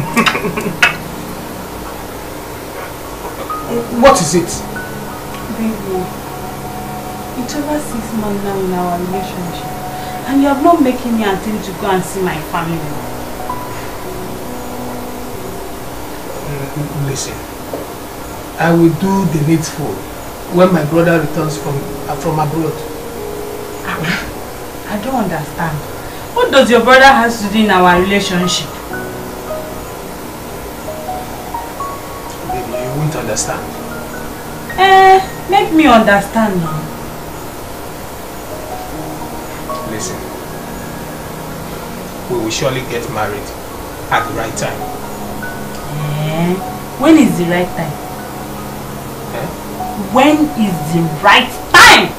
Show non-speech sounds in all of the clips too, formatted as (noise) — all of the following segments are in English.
(laughs) What is it? Baby, it's over six months now in our relationship and you have not making me attempt to go and see my family. Mm, listen, I will do the needful when my brother returns from uh, from abroad. I, ah, I don't understand. What does your brother have to do in our relationship? understand. Eh, make me understand now. Listen, we will surely get married at the right time. Eh, when is the right time? Eh? When is the right time?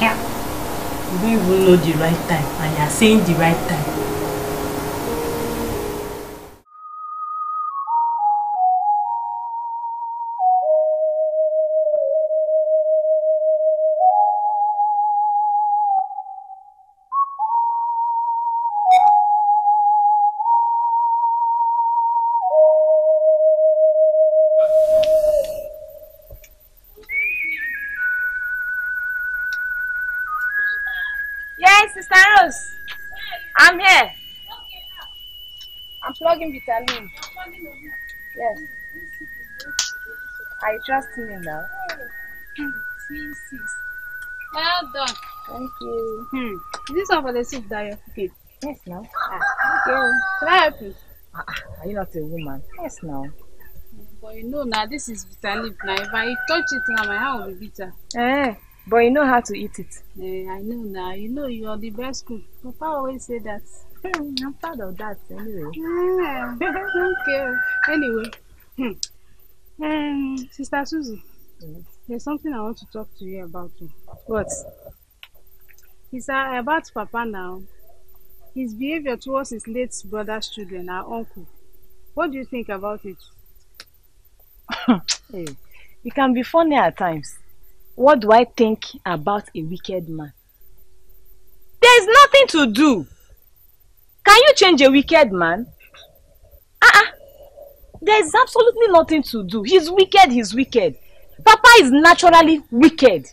Yeah. we will even know the right time and you are saying the right time. slugging vitamin. Yes. I trust me now. Well done. Thank you. Hmm. Is this all for the soup that you're Yes, now. Ah, okay. Can I help you? Ah, ah, are you not a woman? Yes, now. But you know now, this is bitter leaf now. If I touch it now, my hand will be bitter. Eh, but you know how to eat it. Eh, I know now. You know you are the best cook. Papa always say that. (laughs) I'm proud of that anyway. Yeah, mm, okay. Anyway, hmm. um, Sister Susie, yes. there's something I want to talk to you about. What? He's uh, about Papa now. His behavior towards his late brother's children, our uncle. What do you think about it? (laughs) hey, it can be funny at times. What do I think about a wicked man? There's nothing to do. Can you change a wicked man? Uh-uh. Ah, ah. There's absolutely nothing to do. He's wicked, he's wicked. Papa is naturally wicked.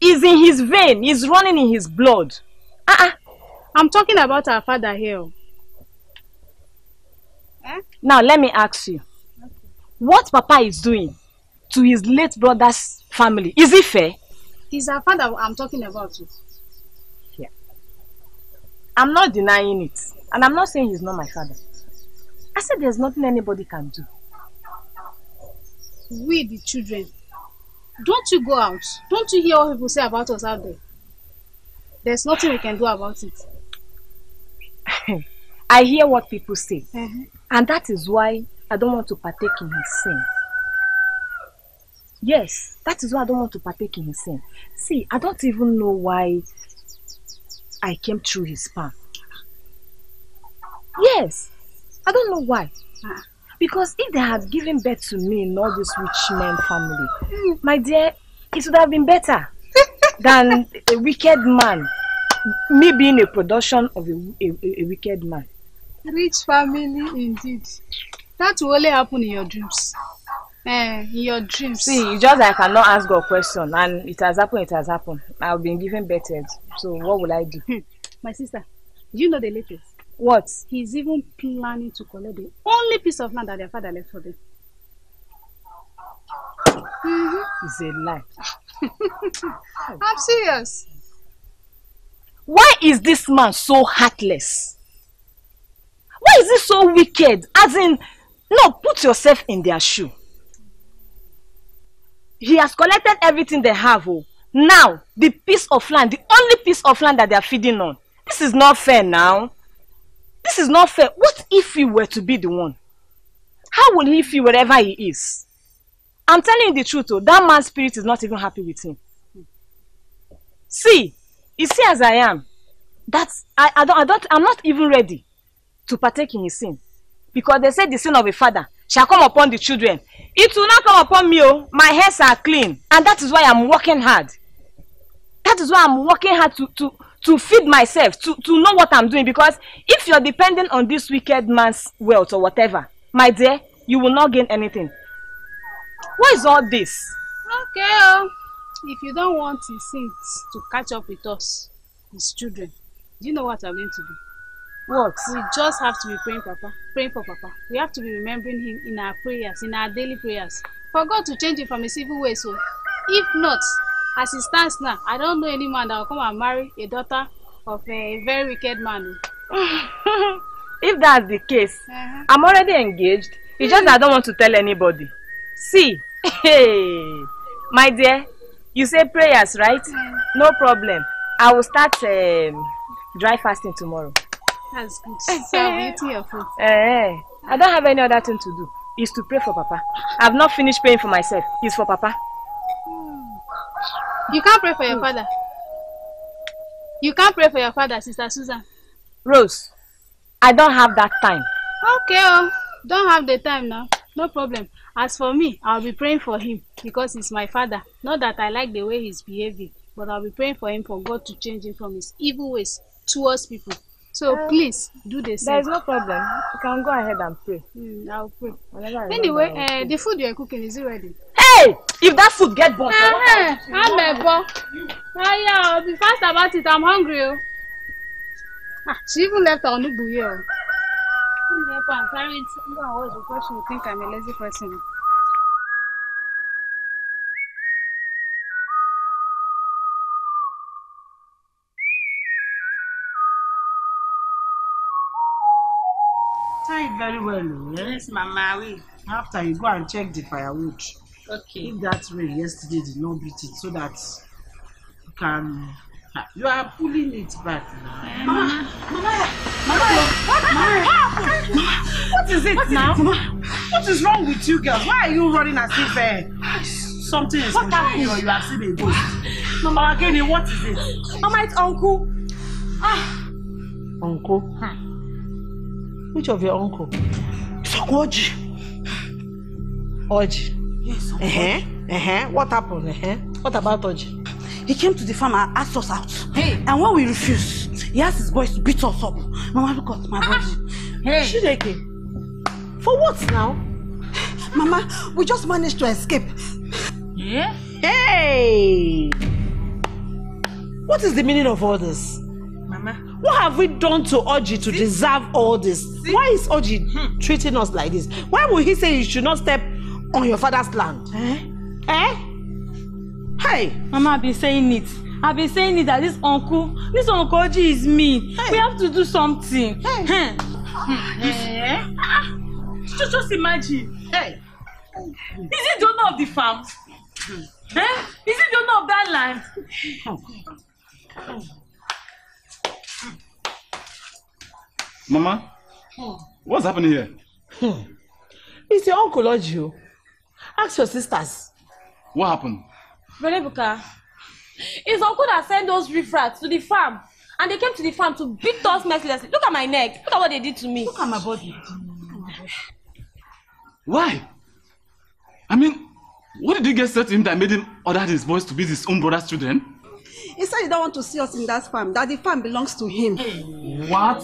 He's in his vein, he's running in his blood. Uh-uh. I'm talking about our father here. Eh? Now, let me ask you. What Papa is doing to his late brother's family, is it fair? It's our father I'm talking about. I'm not denying it. And I'm not saying he's not my father. I said there's nothing anybody can do. We, the children, don't you go out. Don't you hear what people say about us out there? There's nothing we can do about it. (laughs) I hear what people say. Uh mm-hmm. -huh. And that is why I don't want to partake in his sin. Yes, that is why I don't want to partake in his sin. See, I don't even know why I came through his palm. Yes, I don't know why. Ah. Because if they had given birth to me in all this rich man family, my dear, it would have been better than a wicked man, me being a production of a, a, a wicked man. Rich family indeed. That will only happen in your dreams. Eh, your dreams. See, it's just I cannot ask God question and it has happened, it has happened. I've been given better. so what will I do? Hmm. My sister, you know the latest. What? He's even planning to collect the only piece of land that their father left for them. Mm -hmm. It's a lie. (laughs) I'm serious. Why is this man so heartless? Why is he so wicked? As in, no, put yourself in their shoe. He has collected everything they have. Oh. Now, the piece of land, the only piece of land that they are feeding on. This is not fair now. This is not fair. What if he were to be the one? How will he feel wherever he is? I'm telling you the truth, oh, that man's spirit is not even happy with him. See, you see as I am, that's, I, I, don't, I don't, I'm not even ready to partake in his sin. Because they said the sin of a father shall come upon the children. It will not come upon me, oh. My hairs are clean. And that is why I'm working hard. That is why I'm working hard to, to, to feed myself, to, to know what I'm doing. Because if you're depending on this wicked man's wealth or whatever, my dear, you will not gain anything. What is all this? Okay, oh. If you don't want the saints to catch up with us, his children, do you know what I'm going to do? What? We just have to be praying, Papa. Praying for Papa. We have to be remembering him in our prayers, in our daily prayers. For God to change him from a civil way, so if not, as it stands now, I don't know any man that will come and marry a daughter of a very wicked man. (laughs) if that's the case, uh-huh. I'm already engaged. It's just I don't want to tell anybody. See, (laughs) hey, my dear, you say prayers, right? Mm. No problem. I will start um, dry fasting tomorrow. That's good. so (laughs) beautiful. Eh, eh, I don't have any other thing to do. It's to pray for Papa. I've not finished praying for myself. It's for Papa. Hmm. You can't pray for your hmm. father. You can't pray for your father, Sister Susan. Rose, I don't have that time. Okay, oh, don't have the time now. No problem. As for me, I'll be praying for him because he's my father. Not that I like the way he's behaving, but I'll be praying for him for God to change him from his evil ways towards people. So um, please do the same. There is no problem. You can go ahead and pray. Mm, I'll pray. Whenever anyway, uh, the food you are cooking is it ready? Hey! If that food get burnt, uh eh, -huh. I'm a bo. Oh ah, yeah, be fast about it. I'm hungry. Oh. Ah, she even left her on hmm, the buoy. I'm carrying it. I'm always a question. You think I'm a lazy person? very well. Eh? Yes, Mama, we. After you go and check the firewood. Okay. If that rain yesterday did not beat it, so that you can. Ah, you are pulling it back now. Mama, mm-hmm. Mama, Mama, Mama, Mama, what is it what is now? It, Mama? What is wrong with you girls? Why are you running as if uh, something is what happened? Or you have seen a ghost? Mama, again, what is it? Mama, it's uncle. Ah, uncle. Hmm. Which of your uncle? Sakwaji. Oji. Yes, Uncle. Uh-huh. Uh-huh. What happened? Uh-huh. What about Oji? He came to the farm and asked us out. Hey. And when we refused, he asked his boys to beat us up. Mama, look at my ah! body. Hey. Shireke. For what now? Mama, we just managed to escape. Yeah? Hey! What is the meaning of all this? Mama. What have we done to Oji to See? deserve all this? See? Why is Oji hmm. treating us like this? Why would he say you should not step on your father's land? Eh? Eh? Hey! Mama, I've been saying it. I've been saying it that this uncle, this uncle Oji is me. Hey. We have to do something. Hey. Hey. Hmm. Hey. Hmm. Eh? Ah, just, just imagine. Hey. Is it the owner of the farm? Hmm. Eh? Is it the owner of that land? Oh. Oh. Mama, hmm. what's happening here? Hmm. It's your uncle Ojo. Oh. Ask your sisters. What happened? Berebuka, it's uncle that sent those riffraffs to the farm and they came to the farm to beat us mercilessly. Look at my neck. Look at what they did to me. Look at my body. Why? I mean, what did you get said to him that made him order his boys to beat his own brother's children? He said he don't want to see us in that farm, that the farm belongs to him. What?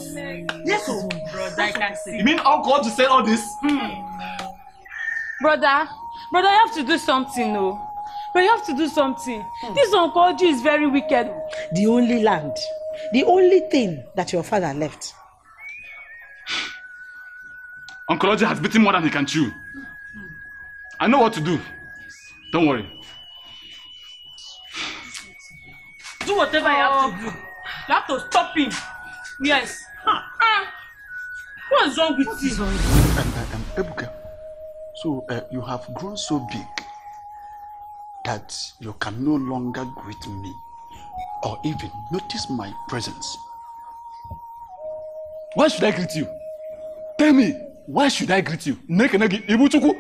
Yes, oh, brother, I can see. You mean Uncle God to say all this? Hmm. Brother, brother, you have to do something, no. But you have to do something. Hmm. This uncle is very wicked. The only land, the only thing that your father left. Uncle has beaten more than he can chew. I know what to do. Don't worry. do whatever you have to do you have to stop him yes huh. uh, what's wrong with you. I'm. Um, I'm. Ebuka so uh, you have grown so big that you can no longer greet me or even notice my presence. Why should I greet you? Tell me, why should I greet you? Neke negi ibuchukwu.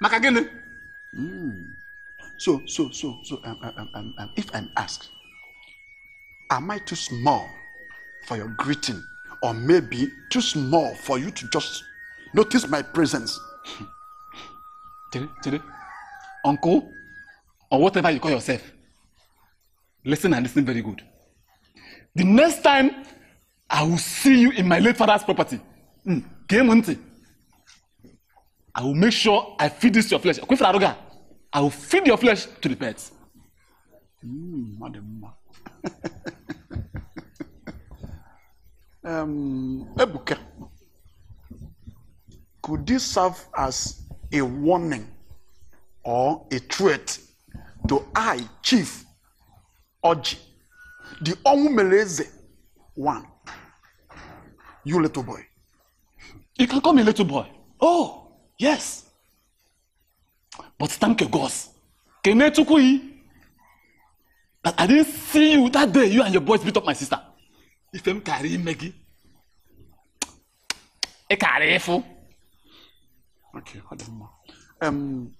Maka gịnị? So, so, so, so, um, um, um, um, if I'm asked, am I too small for your greeting? Or maybe too small for you to just notice my presence? Tere, Tere, uncle, or whatever you call yourself, listen and listen very good. The next time I will see you in my late father's property, mm, game hunting, I will make sure I feed this to your flesh. Kwefe Aruga. I will feed your flesh to the birds. Mm, madam. um, Ebuka, could this serve as a warning or a threat to I, Chief Oji, the Omumeleze one? You little boy. You can call me little boy. Oh, yes. But thank you, God. Kene Chukwuyi, that I didn't see you that day. You and your boys beat up my sister. Ifem carry Maggie. E carry Efu. Okay, Adama. Um,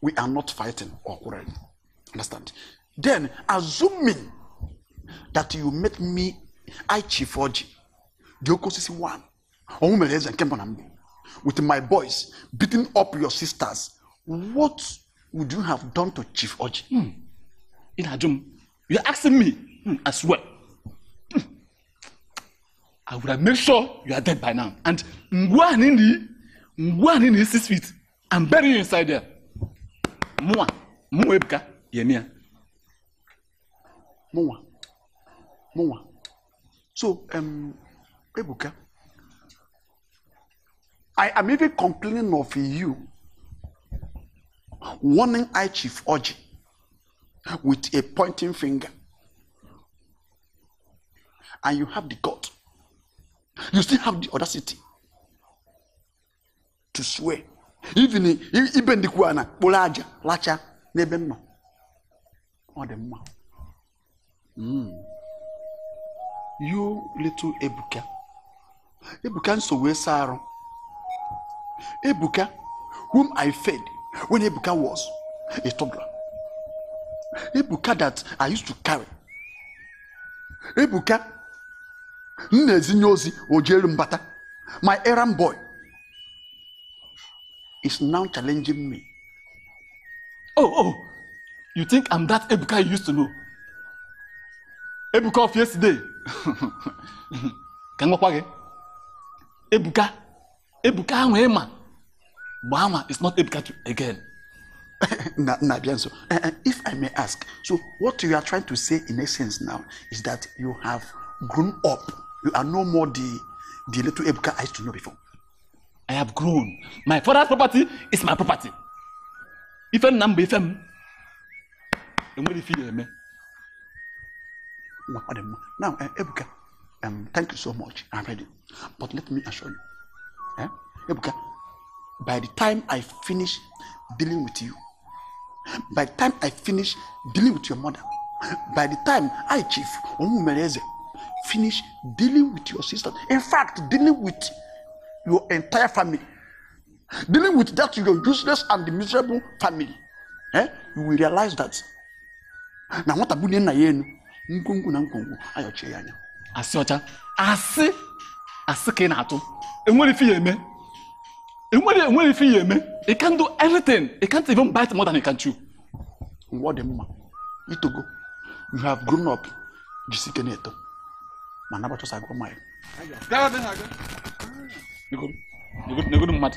we are not fighting or quarreling. Understand? Then, assuming that you make me Ichi Foji, the Okosisi one, or Umereza and Kembo Nambi, with my boys, beating up your sisters, what would you have done to Chief Oji? Hmm. you are asking me hmm, as well. Hmm. I would have made sure you are dead by now. And Ngwanini, Ngwanini six feet, I'm burying you inside there. Muwa, Mwebka, Yemia. muwa, muwa. So, um, Ebuka, I am even complaining of you. Warning I chief Oji with a pointing finger. And you have the gut. You still have the audacity to swear. Even the ndikwu ana kpụrụ aja lacha n'ebe mma. Ọ dị mma. Hmm. You little Ebuka. Ebuka nso wee saa Ebuka, whom I fed when Ebuka was a toddler. Ebuka that I used to carry. Ebuka, m na o jere mbata. My errand boy is now challenging me. Oh, oh, you think I'm that Ebuka you used to know? Ebuka of yesterday. (laughs) Ka m gwakwa gị, Ebuka ebuka ahụ ịma mgbe anwa is not ebuka to again (laughs) na na-abịa eh, eh, if i may ask so what you are trying to say in essence now is that you have grown up you are no more the the little ebuka i used to know before i have grown my father's property is my property ife nna m bụ ife m enwere ife ya eme now eh, ebuka um, thank you so much i'm ready but let me assure you Eh? by the time I finish dealing with you, by the time I finish dealing with your mother, by the time I, Chief Omumereze, finish dealing with your sister, in fact, dealing with your entire family, dealing with that your useless and miserable family, eh? you will realize that. Na nwata bụ nne na ya enu, ngwongwo na ngwongwo ayọchie ya anya. Asị ọcha, asị, asị ka ị na-atụ. enwere ife ya eme enwere enwere ife ya eme you can do everything you can't even bite more than you can chew nwa dị mma itogo you have grown up jisike na-eto ma nabachọsa agụ mmadụ negodu mmadụ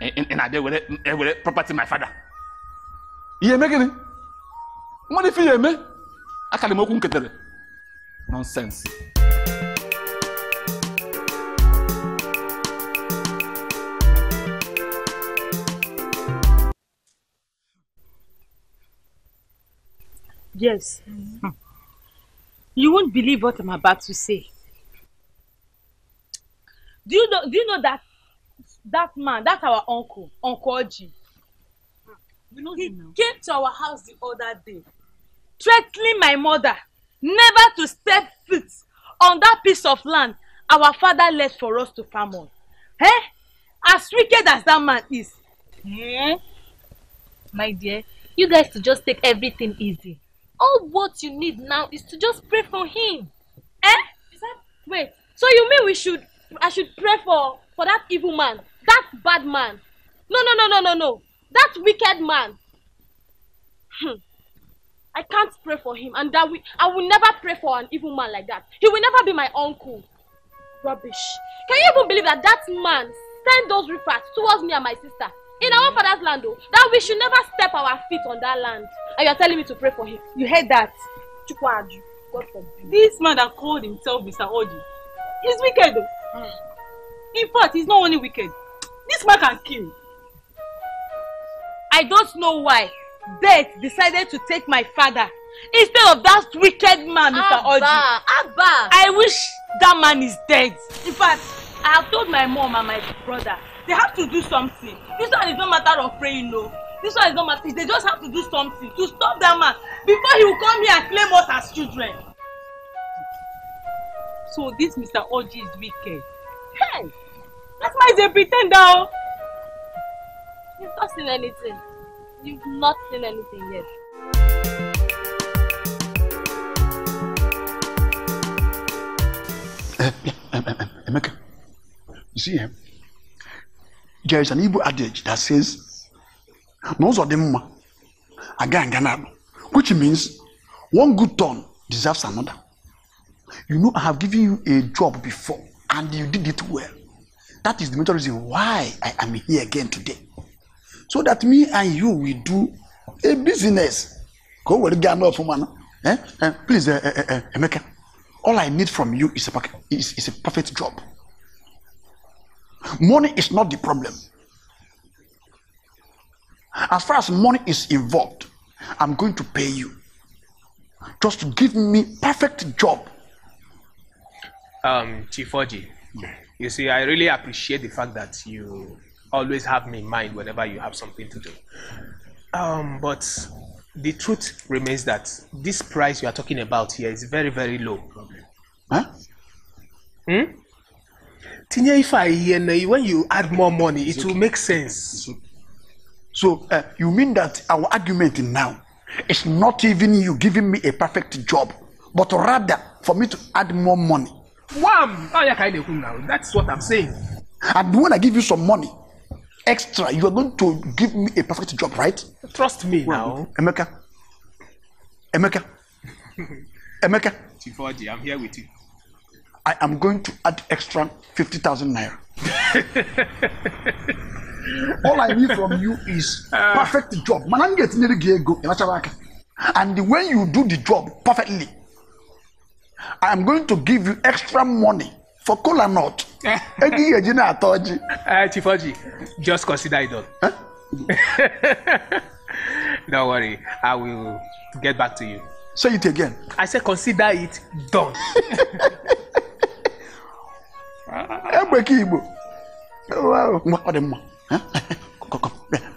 ị na-abịa were ewere property my father ihe eme gịnị nwa dị ife ya eme akarị m okwu nketere nonsense Yes. -hmm. You won't believe what I'm about to say. Do you know do you know that that man, that's our uncle, Uncle Oji. You know, he no. came to our house the other day, threatening my mother never to step foot on that piece of land our father left for us to farm on. Eh? As wicked as that man is. Eh? My dear, you guys should just take everything easy all what you need now is to just pray for him. Eh? Is that wait? So you mean we should I should pray for for that evil man, that bad man? No, no, no, no, no, no. That wicked man. Hmm. I can't pray for him, and that we I will never pray for an evil man like that. He will never be my uncle. Rubbish. Can you even believe that that man sent those reports towards me and my sister? in our father's land o that we should never step our feet on that land and you are telling me to pray for him you heard that chukwuadu god forbid. this man that called himself mr oji He's wicked o mm. in fact he's not only wicked this man can kill. i don't know why death decided to take my father instead of that wicked man mr oji abba i wish that man is dead in fact i have told my mom and my brother They have to do something. This one is no matter of praying, no. This one is no matter. They just have to do something to stop that man before he will come here and claim us as children. So this Mr. Oji is wicked. Hey, that man is a pretender. Oh. You've not seen anything. You've not seen anything yet. Eh, eh, eh, Emeka, you see him? there is an Igbo adage that says, Nozodimma, again Ganado, which means one good turn deserves another. You know, I have given you a job before and you did it well. That is the major reason why I am here again today. So that me and you will do a business. Go with Ghana for man. Eh? Eh, please, eh, eh, eh, eh, Emeka, all I need from you is a, is, is a perfect job. Money is not the problem. As far as money is involved, I'm going to pay you. Just give me perfect job. Um, Chief Oji, you see, I really appreciate the fact that you always have me in mind whenever you have something to do. Um, but the truth remains that this price you are talking about here is very, very low. Huh? Hmm? tinye ife a ihe na when you add more money it okay. will make sense. Okay. So uh, you mean that our argument now is not even you giving me a perfect job but rather for me to add more money. Wam! Oh, yeah, kind of now. That's what I'm saying. And when I give you some money extra, you are going to give me a perfect job, right? Trust me well, now. Emeka. Emeka. (laughs) Emeka. Chifoji, I'm here with you. I am going to add extra 50,000 naira. All I need from you is perfect job. And when you do the job perfectly, I am going to give you extra money for cola Not. (laughs) Egi eh, just consider it done. (laughs) Don't worry, I will get back to you. Say it again. I said consider it done. (laughs) egbe ka igbo ngwa ọ dị mma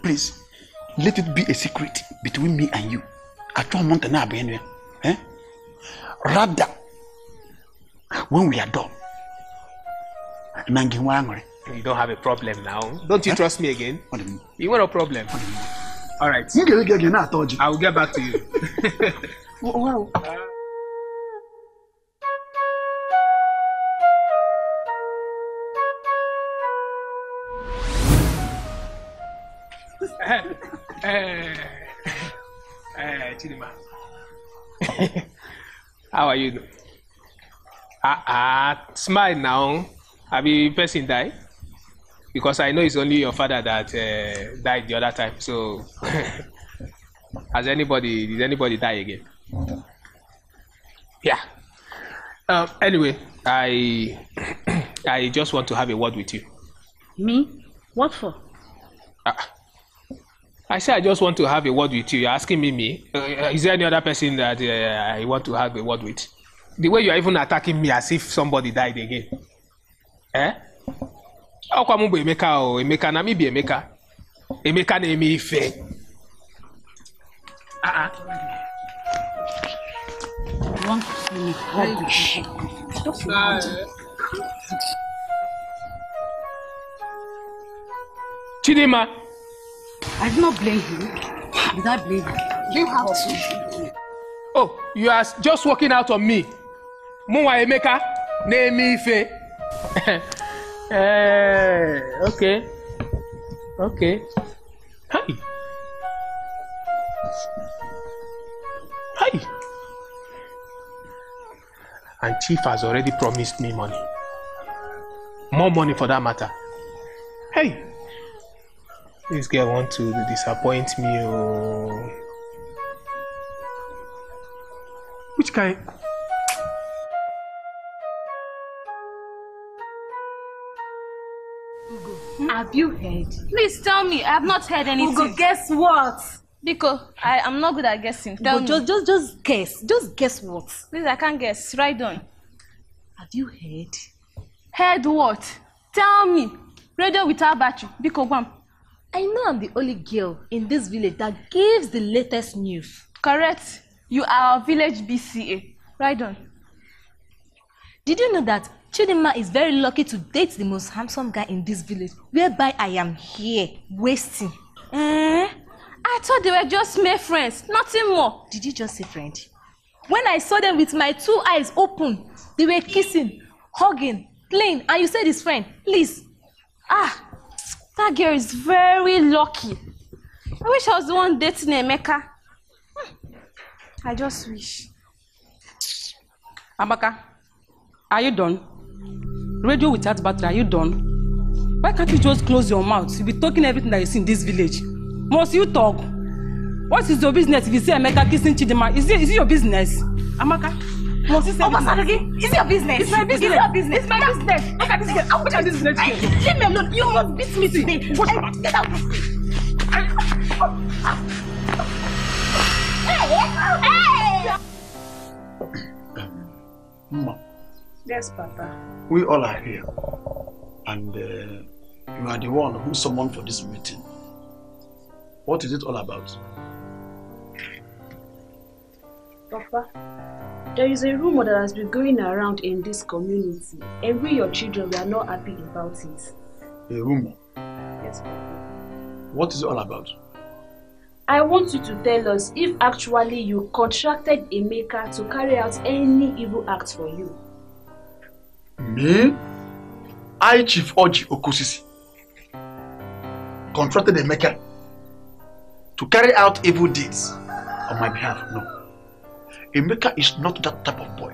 please let it be a secret between me and you achọọ m ntị na-abụ enu ya rather when we are done na gị nwa aṅụrị you don't have a problem now don't you trust me again you nwere a problem all right m ga-ege gị na-ata ọjị i will get back to you wow. (laughs) uh, how are you ah ah smile now Have you person died? because i know it's only your father that uh, died the other time so (laughs) has anybody did anybody die again yeah um, anyway i (clears throat) i just want to have a word with you me what for ah I say I just want to have a word with you. You're asking me me. Uh, is there any other person that uh, I want to have a word with? The way you are even attacking me as if somebody died again. Eh? Ọkwa m bụ Emeka o Emeka na m bụ Emeka. Emeka na-eme ife. Ah, ah. Chidinma. I did not blame him. Did I blame You Blame how to? Oh, you are just working out on me. Mụnwa Emeka name eme ife. (laughs) Ee, eh, okay. Okay. Hi. Hi. And Chief has already promised me money. More money for that matter. Hey. This girl want to disappoint me. Oh. Which guy? Ugo, hmm? have you heard? Please tell me. I have not heard anything. Ugo, guess what? Because I am not good at guessing. Tell Ugo, me. Just, just, just guess. Just guess what? Please, I can't guess. Right on. Have you heard? Heard what? Tell me. Radio without battery. Because one. I know I'm the only girl in this village that gives the latest news. Correct. You are our village BCA. Right on. Did you know that Chidinma is very lucky to date the most handsome guy in this village, whereby I am here wasting. Eh? I thought they were just mere friends, nothing more. Did you just say friend? When I saw them with my two eyes open, they were kissing, hugging, playing, and you said his friend. Please. Ah, That girl is very lucky. I wish I was the one dating Emeka. Hmm. I just wish. Amaka, are you done? Radio without battery, are you done? Why can't you just close your mouth? You'll be talking everything that you see in this village. Must you talk? What is your business if you see Emeka kissing Chidima? Is it, is it your business? Amaka? Multi services. Oh, Pastor Adoke, it's your business. It's my business. It's your business. It's my business. Look at this girl. I'll put out this business. Leave me alone. You must beat me today. Push back. Get out. Hey! Hey! Mama. Yes, Papa. We all are here. And uh, you are the one who summoned for this meeting. What is it all about? Papa, there is a rumor that has been going around in this community, and we, your children, we are not happy about it. A rumor? Yes. What is it all about? I want you to tell us if actually you contracted a maker to carry out any evil act for you. Me? I, Chief Oji Okusisi, contracted a maker to carry out evil deeds on my behalf. No. Emeka is not that type of boy.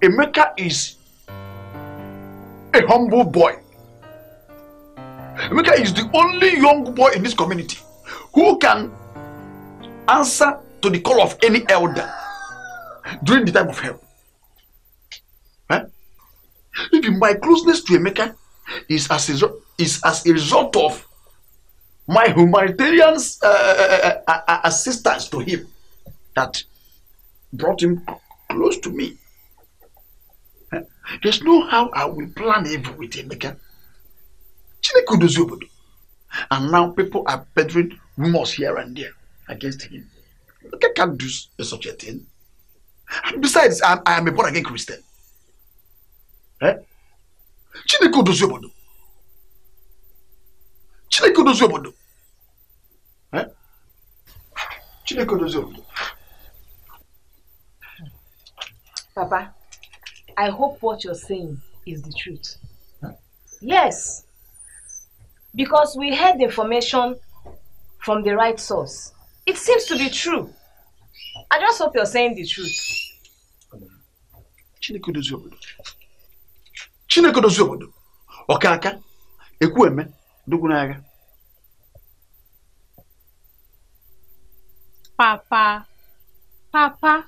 Emeka is a humble boy. Emeka is the only young boy in this community who can answer to the call of any elder during the time of help. Eh? Even my closeness to Emeka is as a, is as a result of my humanitarian uh, uh, uh, uh assistance to him that brought him close to me. There's no how I will plan evil with him again. And now people are peddling rumors here and there against him. I can't do such a thing. And besides, I am a born again Christian. Eh? Chineke odozi obodo. Eh? Papa, I hope what you're saying is the truth. Huh? Yes, because we heard the information from the right source. It seems to be true. I just hope you're saying the truth. Chineke obodo. Chineke obodo. Papa, papa,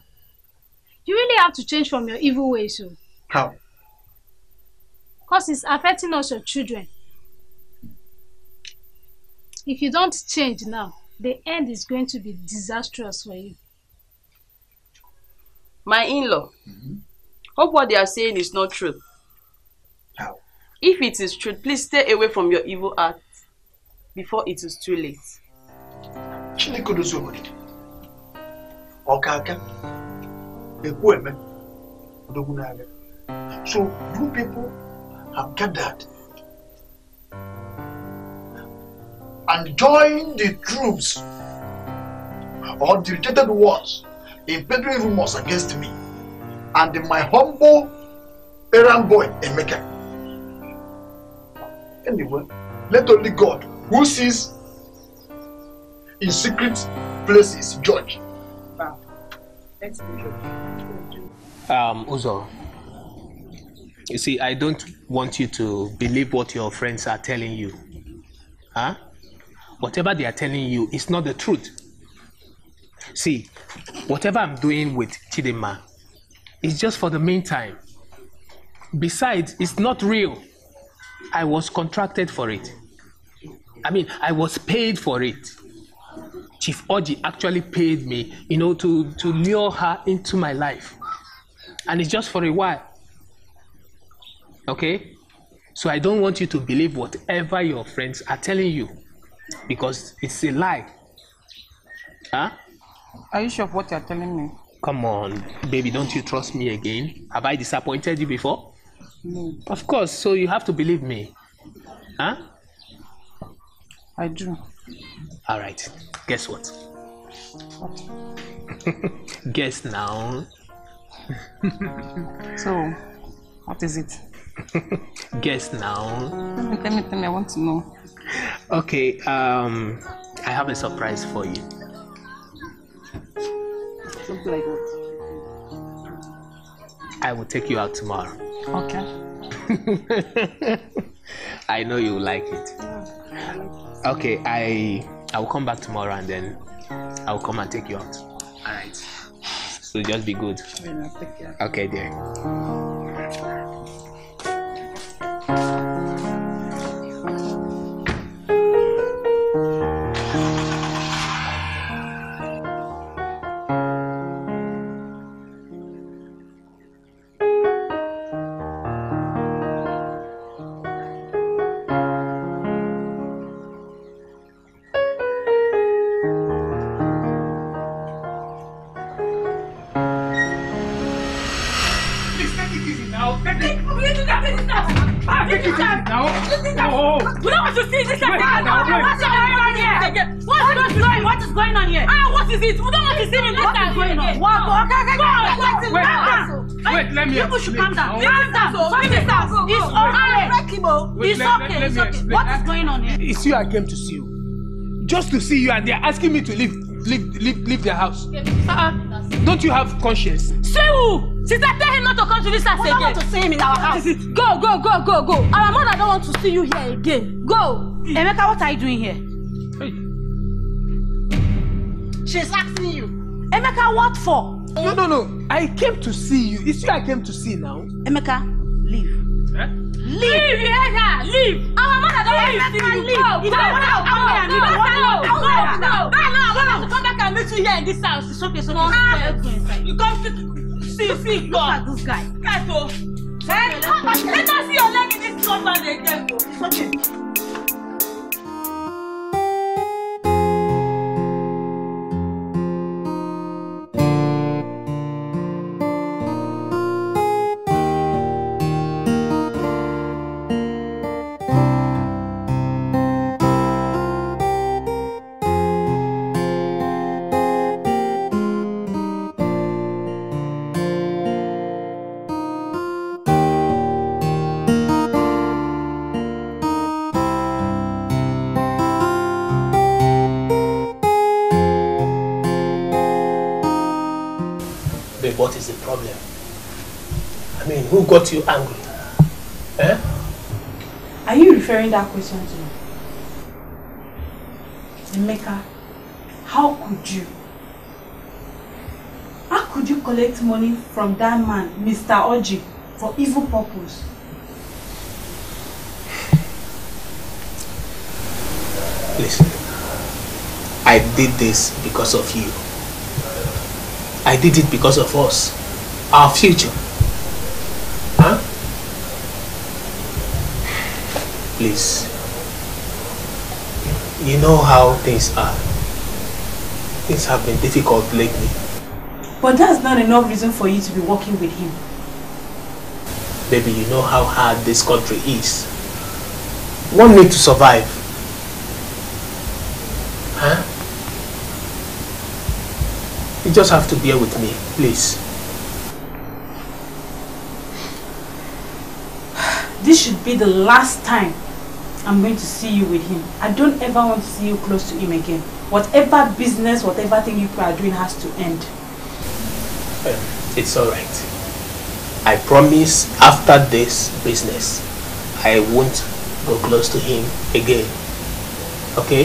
you really have to change from your evil ways. So. Oh. How? Because it's affecting us, your children. If you don't change now, the end is going to be disastrous for you. My in-law, mm -hmm. hope what they are saying is not true. How? If it is true, please stay away from your evil act before it is too late. Chineke dozie Ọ ka aka equipment, Dogunaga. So you people have that, and join the troops or dictated words in peddling rumors against me and my humble errand boy Emeka. Anyway, let only God, who sees in secret places, judge. Um, Uzo, you see, I don't want you to believe what your friends are telling you. Huh? Whatever they are telling you is not the truth. See, whatever I'm doing with Chidima, is just for the meantime. Besides, it's not real. I was contracted for it. I mean, I was paid for it. Chief Oji actually paid me, you know, to, to lure her into my life. And it's just for a while. Okay? So I don't want you to believe whatever your friends are telling you because it's a lie. Huh? Are you sure of what you're telling me? Come on, baby, don't you trust me again? Have I disappointed you before? No. Of course, so you have to believe me. Huh? I do. All right. Guess what? (laughs) Guess now. (laughs) so, what is it? (laughs) Guess now. Tell me, tell me, tell me. I want to know. Okay, um, I have a surprise for you. Something like that. I will take you out tomorrow. Okay. I know you like it. Okay, I I'll come back tomorrow and then I'll come and take you out. All right. So just be good. Okay, dear. Baby, you think I'm finished it We don't want to see this. What's going on here? What's going on? here? Ah, what is it? We don't want to see this. What is going on? What? Okay, okay, Wait, let me People should calm down. Calm down. Calm down. It's It's okay. It's okay. What is going on here? It's you I came to see you just to see you and they're asking me to leave leave leave leave their house. Uh -uh. Don't you have conscience? Say who? Sister, tell him not to come to this house again. We don't want to see him in our house. Go, go, go, go, go. Our mother don't want to see you here again. Go. Emeka, what are you doing here? Hey. She's asking you. Emeka, what for? No, no, no. I came to see you. It's you I came to see now. Emeka, leave. Eh? Leave. Leave, leave. Our mother don't want to see you. Leave. Go, go, go, go, go, go, go, go. Now, now, I want us to come back and meet you here in this house. It's okay, so no, you come to... See, see, God. Look at this guy. Kato. Eh? Hey, let us see your leg in this club and again. It's okay. problem? I mean, who got you angry? Eh? Are you referring that question to me? Emeka, how could you? How could you collect money from that man, Mr. Oji, for evil purpose? Listen, I did this because of you. I did it because of us. our future. Huh? Please. You know how things are. Things have been difficult lately. But that's not enough reason for you to be working with him. Baby, you know how hard this country is. One need to survive. Huh? You just have to bear with me, please. should be the last time I'm going to see you with him. I don't ever want to see you close to him again. Whatever business, whatever thing you are doing has to end. It's alright. I promise after this business, I won't go close to him again. Okay?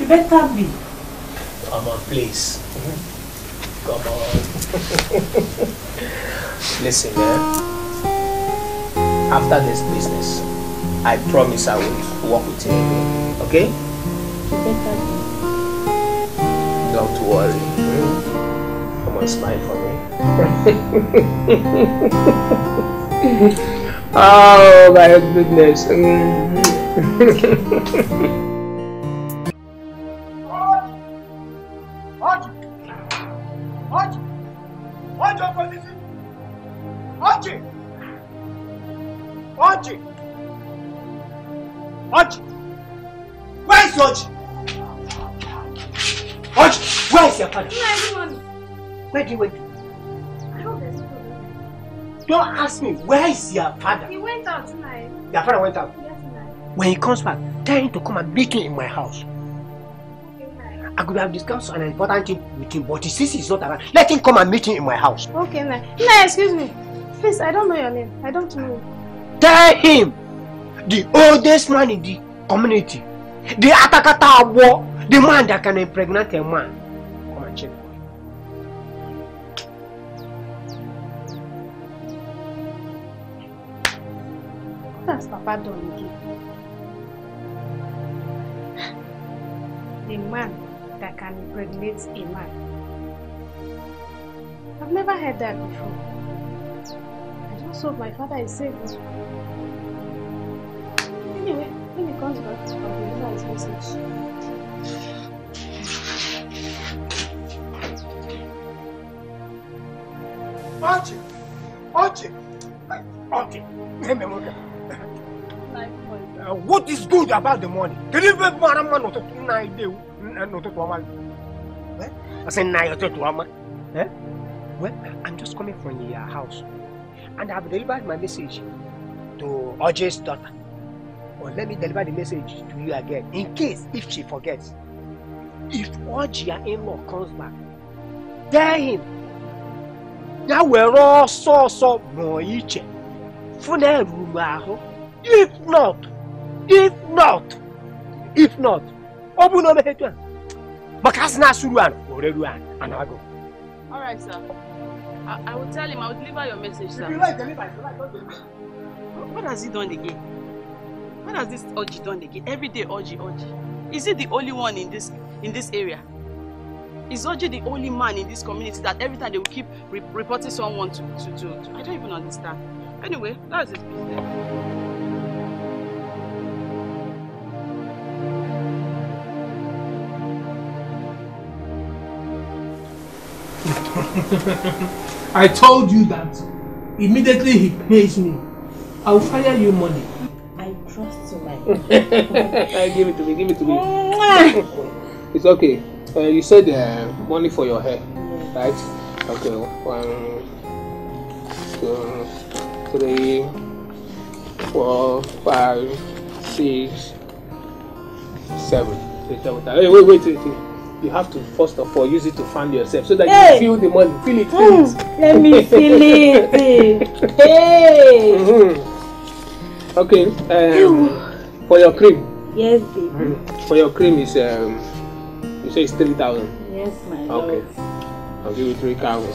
You better be. Come on, please. Mm-hmm. Come on. (laughs) Listen, man. Eh? after this business, I promise I will work with you again. Okay? Don't worry. Come on, smile for me. (laughs) oh my goodness. Mm. (laughs) Where's lunch. What? Where is your father? Where did he went? Don't ask me, where is your father? He went out tonight. Your father went out? Yes, tonight. When he comes back, tell him to come and meet me in my house. I could have discussed an important thing with him, but he sees he's not around. Let him come and meet him in my house. Okay, ma'am. No, excuse me. Please, I don't know your name. I don't know. Tell him, the oldest man in the community di atakata kata the man that can impregnate a man come and check boy. That's what papa done the man that can impregnate a man I've never heard that before I just hope my father is safe anyway when he comes back from the cosas. Oye, oye, oye, déjeme morir. Uh, what is good about the money? Kìlí fẹ́ fún ara máa nọ̀tọ̀ tún náà ilé o, nọ̀tọ̀ tún ọmọ yìí. I said, náà yọ̀tọ̀ tún ọmọ. Well, I'm just coming from your house and I've delivered my message to Oje's daughter but let me deliver the message to you again in case if she forgets if Orji in-law comes back tell him ya were ọsọ ọsọ mụọ iche funa eru if not if not if not ọ bụ na o meghetu a maka asị na-asụrụ anụ oreru anụ anụ agụ All right, sir. I, I will tell him. I will deliver your message, sir. you like, deliver. you like, don't deliver. What has he done again? What has this orgy done again? Every day orgy, orgy. Is it the only one in this in this area? Is Oji the only man in this community that every time they will keep re reporting someone to, to, to, to? I don't even understand. Anyway, that's his (laughs) business. I told you that immediately he pays me, I'll fire you money. (laughs) give it to me, give it to me. it's okay. Uh, you said uh, money for your hair, right? Okay, one, two, three, four, five, six, seven. Wait, wait, wait, wait. wait you have to first of all use it to fund yourself so that hey. you feel the money feel it, feel mm. it. let me feel it (laughs) hey mm-hmm. okay um, for your cream? Yes, baby. Mm. For your cream is um, you say it's three thousand. Yes, my okay. lord. Okay, I'll give you three cows.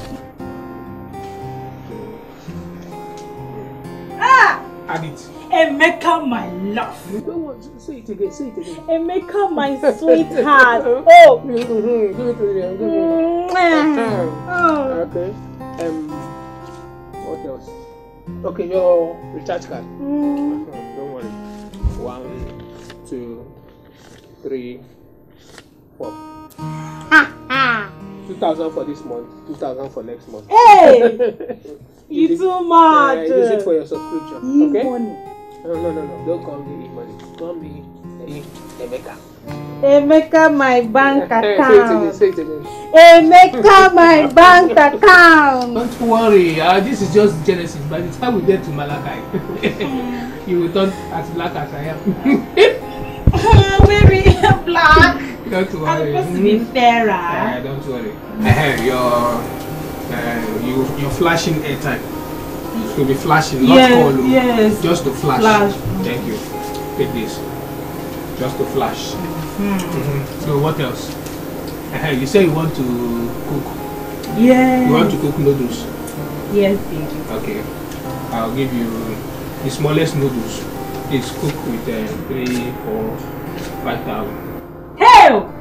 Ah! Add it. Emeka, my love. You don't want to say it again. Say it again. Emeka, my (laughs) sweetheart. Mm-hmm. oh. -hmm. Give it to me. Give it to me. Mm-hmm. Okay. Oh. Um. What else? Okay, your recharge card. Mm. One, two, three, four. (laughs) Two thousand for this month, two thousand for next month. Hey! (laughs) you, you did, too much! Uh, use it for your subscription, okay? money No, no, no, no, don't call me e-money. Call me eh, Emeka. Emeka, my bank account. (laughs) say it again, say it again. Emeka, my bank account. Don't worry, uh, this is just Genesis. By the time we get to Malachi. you will turn as black as I am. oh, (laughs) very black. (laughs) Don't worry. I'm supposed to be fairer. Yeah, don't worry. Eh, Your uh, eh, you you're flashing time. You will be flashing, not yes, Yes. Just to flash. flash. Thank you. Take this. Just to flash. Mm -hmm. So what else? Eh, you say you want to cook. Yeah. You want to cook noodles. Yes, you. Okay. I'll give you the smallest noodles is cooked with uh, three, four, five thousand. Hell!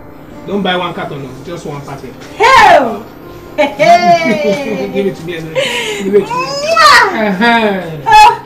Don't buy one carton, no, just one packet. Hell! Hey! (laughs) Give it to me. Eh, give it to me. (laughs) Uh-huh. Oh.